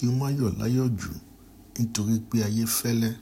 kí ó má yọ̀ láyọ̀ jù nítorí pé ayé fẹ́lẹ́